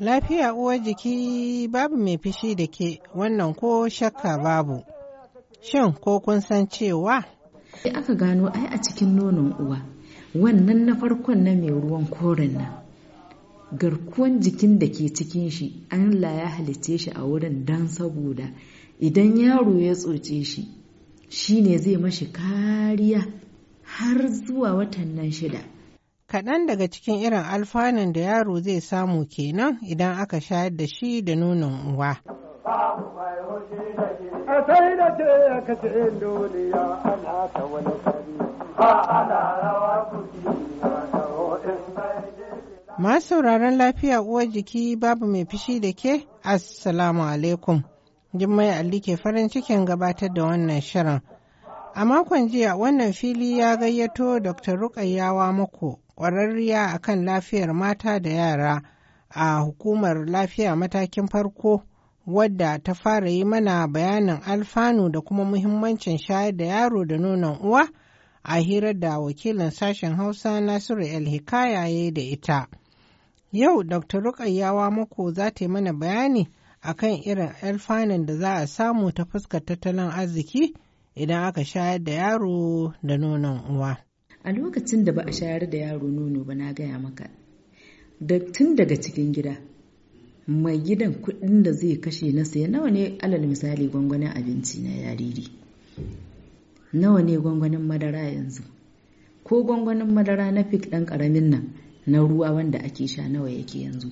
Lafiya uwar jiki babu mai fishi da ke wannan ko shakka babu. Shin ko kun san cewa? Sai aka gano ai a cikin nonon uwa, wannan na farkon na mai ruwan koren nan. Garkuwan jikin da ke cikin shi, Allah ya halitce shi a wurin don saboda idan yaro ya tsoce shi shi ne zai mashi kariya har zuwa watan nan shida. Kaɗan daga cikin irin alfanun da yaro zai samu kenan idan aka shayar da shi da nonon uwa. Masu sauraron lafiya uwar jiki babu mai fishi da ke, Assalamu alaikum. Jummai Ali ke farin cikin gabatar da wannan shirin. A makon jiya wannan fili ya gayyato Dr. Rukayyawa Mako kwararriya akan lafiyar mata da yara a hukumar lafiya matakin farko wadda ta fara yi mana bayanin alfanu da kuma muhimmancin shayar da yaro da nonon uwa a hirar da wakilin sashen Hausa Nasiru El Hikaya ya da ita. Yau Dr. Rukayyawa Mako za ta yi mana bayani. akan irin alfanun da za a samu ta fuskar tattalin arziki idan aka shayar da yaro da nonon uwa. A lokacin da ba a shayar da yaro nono ba na gaya maka, da tun daga cikin gida, mai gidan kuɗin da zai kashe na saya nawa ne alal misali gwangwanin abinci na yariri. Nawa ne gwangwanin madara yanzu? Ko gwangwanin madara na fik ɗan ƙaramin nan na ruwa wanda ake sha nawa yake yanzu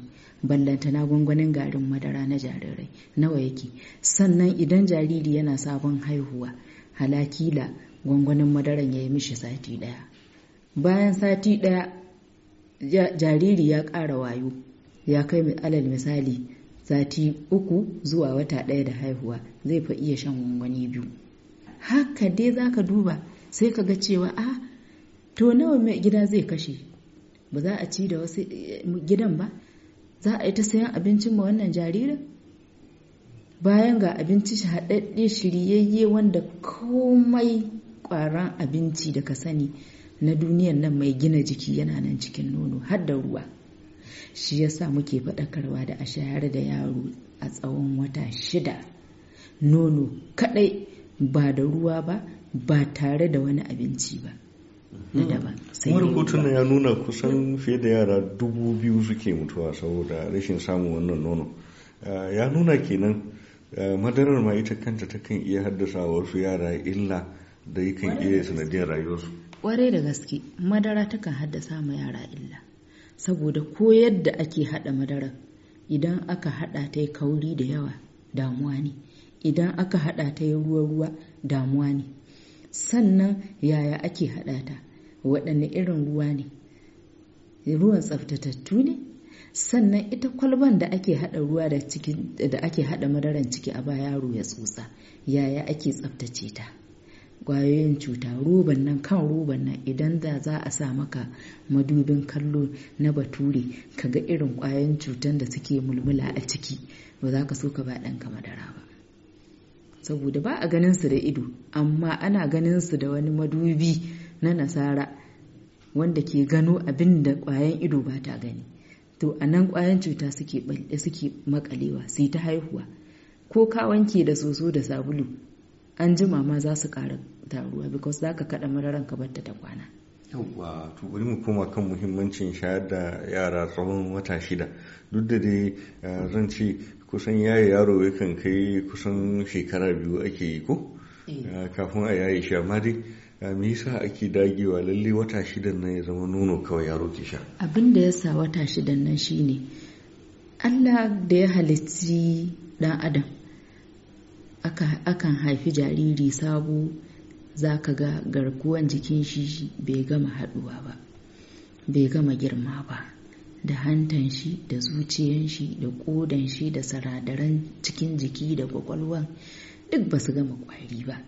na gwangwanin garin madara na jarirai nawa yake sannan idan jariri yana sabon haihuwa halakila gwangwanin madaran ya yi mishi sati daya bayan sati daya jariri ya ƙara wayo ya kai alal misali sati uku zuwa wata ɗaya da haihuwa zai fa iya shan gwangwani biyu haka dai za ka duba sai ka ga cewa a ah, to nawa mai gida zai kashe ba za a ci da wasu eh, gidan ba za a yi ta sayan abincin ma wannan jaririn bayan ga abinci haɗaɗɗe shiryayye wanda komai ƙwaron abinci da ka sani na duniyan nan mai gina jiki yana nan cikin nono har da ruwa shi yasa muke faɗakarwa da a shayar da yaro a tsawon wata shida nono kaɗai ba da ruwa ba ba tare da wani abinci ba na daban kuma ya nuna kusan fiye da yara dubu biyu suke mutuwa saboda rashin samun wannan nono ah, ya nuna kenan ah, madarar ma ita kanta ta kan iya haddasa wasu yara illa da yakan iya sanadiyar rayuwarsu kwarai da gaske madara takan haddasa ma yara illa saboda ko yadda ake hada madara idan aka hada ta kauri da yawa damuwa ne idan aka hada ta ruwa-ruwa damuwa ne sannan yaya ake haɗa ta waɗanne irin ruwa ne ruwan tsaftatattu ne sannan ita kwalban da ake haɗa ruwa da ake haɗa madaran ciki a baya yaro ya tsotsa yaya ake tsaftace ta ƙwayoyin cuta roban nan kan roban nan idan da za a sa maka madubin kallo na bature ka ga irin ƙwayoyin cutan da suke mulmula a ciki ba za ka so ka ba ɗanka madara ba saboda ba a ganin su da ido amma ana ganin su da wani madubi na nasara wanda ke gano abin da kwayan ido ba ta gani to a nan kwayan cuta suke balde suke makalewa su ta haihuwa ko ka wanke da soso da sabulu an jima ma za su ƙara taruwa because za ka kaɗa mararan ka bar ta kwana yauwa to bari mu koma kan muhimmancin shayar da yara tsawon wata shida duk da dai eh, zan ce kusan yaye yaro yakan kai kusan shekara biyu ake yi ko eh. Eh, kafin a yaye shi amma dai me yasa ake dagewa lalle wata shida na ya zama nono kawai yaro ke sha abin da ya sa wata shidan nan shine Allah da ya halitti dan adam akan haifi jariri sabo za ka ga garkuwan jikin shi bai gama haɗuwa ba bai gama girma ba da hantan shi da zuciyan shi da ƙodan shi da saradaran cikin jiki da kwakwalwan duk ba su gama ƙwari ba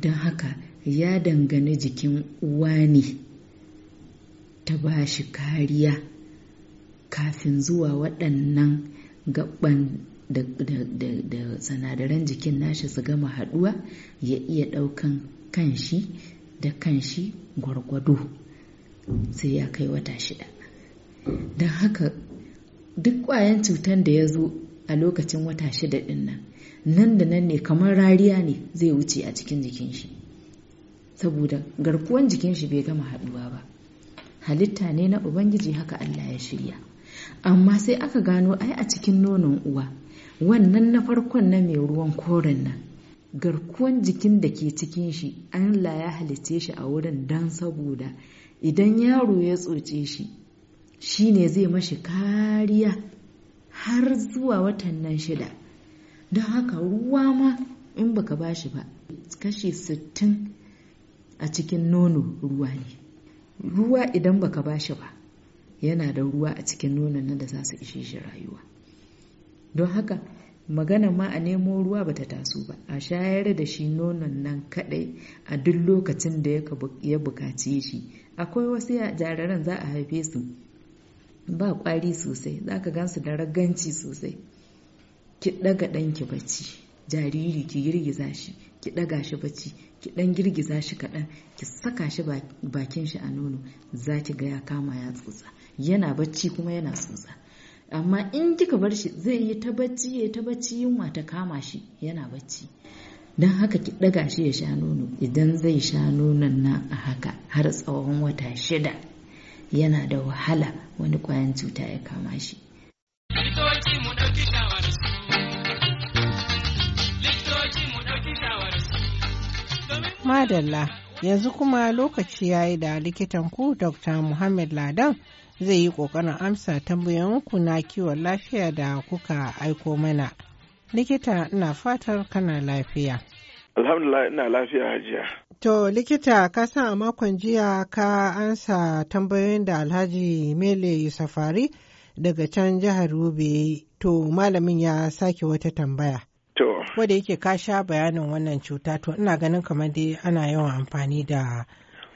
don haka ya dangane jikin uwa ne ta ba shi kariya kafin zuwa waɗannan gaban da, sanadaran jikin nashi su gama haɗuwa ya iya ɗaukan kanshi da kanshi gwargwado sai ya kai wata shida don haka duk kwayan cutar da ya zo a lokacin wata shida ɗin nan nan da nan ne kamar rariya ne zai wuce a cikin jikin shi saboda garkuwan jikin shi bai gama haɗuwa ba halitta ne na ubangiji haka allah ya shirya amma sai aka gano ai a cikin nonon uwa wannan na farkon na mai ruwan koren nan garkuwan jikin da ke cikin shi Allah ya halitce shi a wurin don saboda idan yaro ya tsoce shi shi ne zai mashi kariya har zuwa watan shida don haka ruwa ma in baka ba shi ba kashi sittin a cikin nono ruwa ne ruwa idan baka ba shi ba yana da ruwa a cikin nonon nan da za su ishe shi rayuwa don haka magana ma a nemo ruwa bata taso ba a shayar da shi nonon nan kadai a duk lokacin da ya bukace shi akwai wasu jariran za a haife su ba kwari sosai za ka gansu da raganci sosai ki daga ɗanki bacci jariri ki girgiza shi ki daga shi bacci ki dan girgiza shi kaɗan ki saka shi bakin shi a nono za ki ga ya kama ya tsotsa yana bacci kuma yana tsotsa amma in kika bar shi zai yi ta bacci ya ta bacci yunwa ta kama shi yana bacci don haka ki ɗaga shi ya sha nono idan zai sha nonon na a haka har tsawon wata shida yana da wahala wani kwayan cuta ya kama shi madalla yanzu kuma lokaci ya yi da likitan ku dr muhammad ladan zai yi ƙoƙarin amsa tambayoyinku na kiwon lafiya da kuka aiko mana. Likita ina fatar kana lafiya. Alhamdulillah ina lafiya hajiya. To likita ka san a makon jiya ka ansa tambayoyin da Alhaji Mele Safari daga can jihar Rube to malamin ya sake wata tambaya. To. Wadda yake ka sha bayanin wannan cuta to ina ganin kamar dai ana yawan amfani da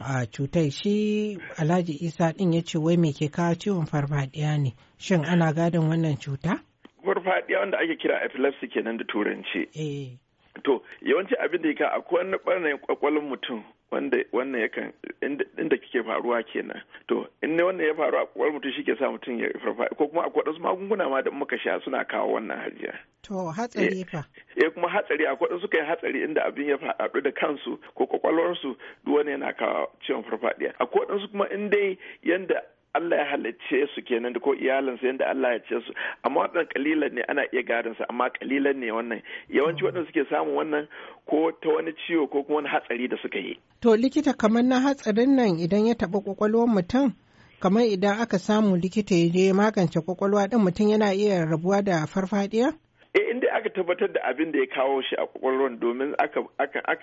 a cutar shi alhaji isa din ya ce wai me ke kawo ciwon farfadiya ne shin ana gadon wannan cuta farfadiya wanda ake kira epilepsy kenan da turanci eh. to yawanci abin da ya ka akwai wani ɓarnayin kwakwalwar mutum wanda wannan yakan inda kike faruwa kenan to in ne wannan ya faru a kwar mutum shi ke sa mutum ya farfa ko kuma akwai wasu magunguna ma da muka sha suna kawo wannan hajiya to hatsari eh, fa eh kuma hatsari akwai wasu kai hatsari inda abin ya faɗaɗu da kansu ko kwakwalwarsu duk wani yana kawo ciwon farfadiya akwai wasu kuma in dai yanda Allah ya halicce su kenan da ko iyalinsa yadda Allah ya ce su amma waɗannan kalilan ne ana iya gadon su amma kalilan ne wannan yawanci waɗanda suke samun wannan ko ta wani ciwo ko kuma wani hatsari da suka yi. To likita kamar na hatsarin nan idan ya taɓa kwakwalwar mutum kamar idan aka samu likita ya je magance kwakwalwa ɗan mutum yana iya rabuwa da farfadiya? eh inda aka tabbatar da abin da ya kawo shi a kwakwalwar domin aka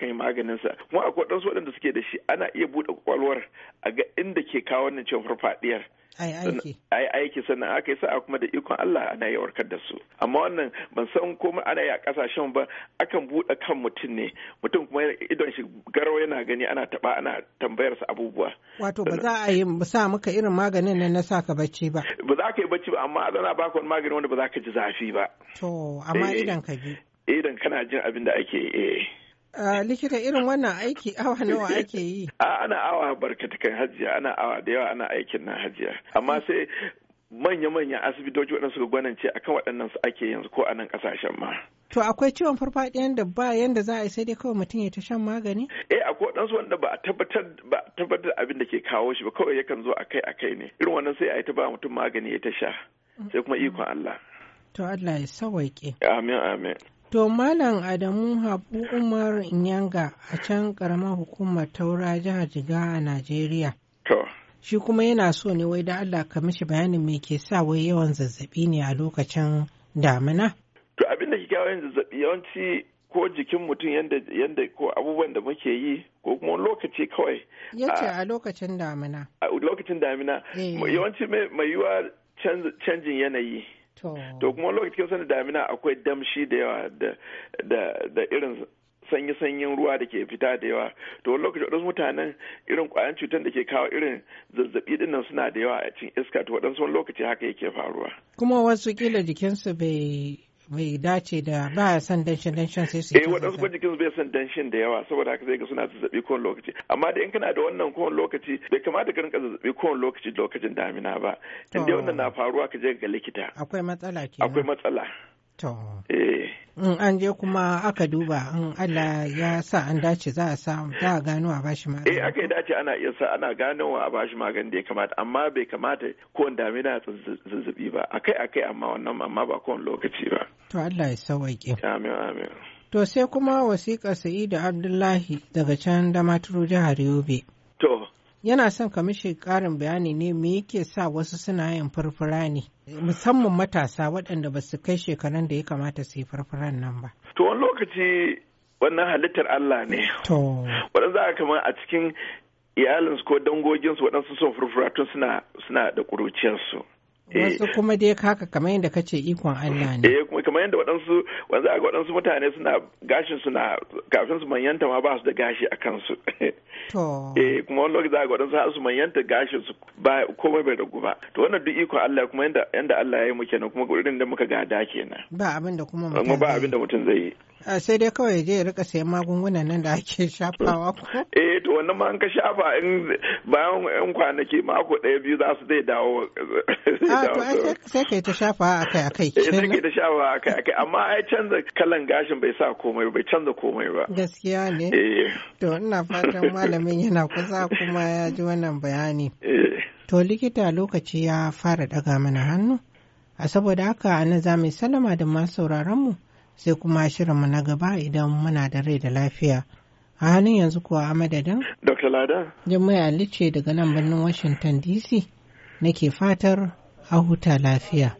yi sa kuma akwai ɗansu waɗanda suke da shi ana iya buɗe kwakwalwar a ga inda ke kawo wannan cin farfadiyar ai aiki aiki sannan aka yi sa'a kuma da ikon Allah ana yi warkar da su amma wannan ban san komai ana yi a kasashen ba akan buɗe kan mutum ne mutum kuma idon shi garau yana gani ana taba ana tambayar sa abubuwa wato ba za a yi sa maka irin maganin nan na saka bacci ba ba za ka yi bacci ba amma ana baka wani magani wanda ba za ka ji zafi ba to amma eh. idan ka ji idan kana jin abin da ake eh likita irin wannan aiki awa nawa ake yi ana awa barkatakan hajiya ana awa da yawa ana aikin nan hajiya amma sai manya-manyan asibitoci waɗanda suka gwanance akan waɗannan su ake yanzu ko a nan ƙasashen ma. To akwai ciwon farfadiyan da ba yanda za a yi sai dai kawai mutum ya ta shan magani? Eh akwai waɗansu wanda ba a tabbatar ba tabbatar abin da ke kawo shi ba kawai yakan zo akai akai ne. Irin wannan sai a yi ta ba mutum magani ya ta sha. Sai kuma mm-hmm. ikon Allah. To Allah ya sawaike. Amin amin. To Malam Adamu Habu Umar Nyanga a can karamar hukumar taura jihar Jiga a Najeriya. To. Shi kuma yana so ne wai da Allah ka mishi bayanin me ke sa wai yawan zazzabi ne a lokacin damina? To abin da ke kawo yawan zazzabi yawanci ko jikin mutum yadda ko abubuwan da muke yi ko kuma lokaci kawai. Yace a lokacin damina. A lokacin damina. Eh. Yawanci mai yiwuwa canjin yanayi. to kuma lokacin sanin damina akwai damshi da yawa da irin sanyi-sanyin ruwa da ke fita da yawa to wani waɗansu mutanen irin ƙwayan cutar da ke kawo irin zazzaɓi ɗin nan suna da yawa a cikin iska to waɗansu wani lokaci haka yake faruwa kuma wasu kila jikinsu bai bai dace da ba a son danshin danshin sai su yi eh, waɗansu kuma bai son danshin da yawa saboda haka zai ga suna zazzabi kowane lokaci amma da in kana da wannan kowane lokaci bai kamata ka rinka zazzabi kowane lokaci lokacin damina ba in wannan na faruwa ka je ga likita akwai matsala ke akwai matsala To. Eh. In an je kuma aka duba in Allah ya sa an dace za a samu za a gano a bashi magani. Eh aka yi dace ana iya sa ana gano a bashi magani da ya kamata amma bai kamata ko kowane damina zazzabi ba akai akai amma wannan amma ba kowane lokaci ba. To Allah ya sawaƙe. Amin amin. To sai kuma wasiƙar Sa'idu Abdullahi daga can maturu jihar Yobe. To. yana son ka mishi bayani ne me yake sa wasu suna yin furfura ne musamman matasa waɗanda ba su kai shekarun da ya kamata su yi furfuran nan ba. To wani lokaci wannan halittar Allah ne. To. Waɗanda za a cikin iyalinsu ko dangoginsu waɗansu son furfura tun suna da ƙuruciyarsu. Wasu eh. kuma dai kaka kamar yadda ka ce ikon Allah ne. Eh, kamar yadda waɗansu wanzu a waɗansu mutane suna gashin suna kafin su manyanta ma ba su da gashi a kansu eh kuma wani lokaci za a ga waɗansu har su manyanta gashin su ba komai bai ragu ba to wannan duk iko Allah kuma yadda Allah ya yi mu kenan kuma gurin da muka gada kenan ba abin da kuma mutum ba abin da mutum zai yi Ah, sai dai kawai je ya rika sayan magungunan nan da ake shafawa ko eh to wannan ma an ka shafa in bayan yan kwanaki mako ɗaya biyu za su zai dawo ah, to sai kai ta shafa a kai a eh sai kai ta shafa a kai a kai amma ai canza kalan gashin bai sa komai bai canza komai ba gaskiya ne eh. to ina fatan malamin yana kusa kuma ya ji wannan bayani eh. to likita lokaci ya fara daga mana hannu a saboda haka ana za mu salama da masu sauraronmu. mu sai kuma shirinmu na gaba idan muna da rai da lafiya. A halin yanzu kuwa a madadin? Dr. Lada. Jummai Ali daga nan birnin Washington DC nake fatar a huta lafiya.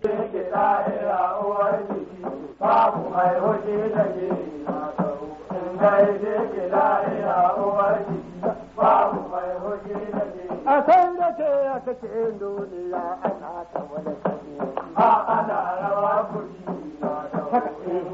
A san da ke ya kake ana ta wani a ana rawa kuri.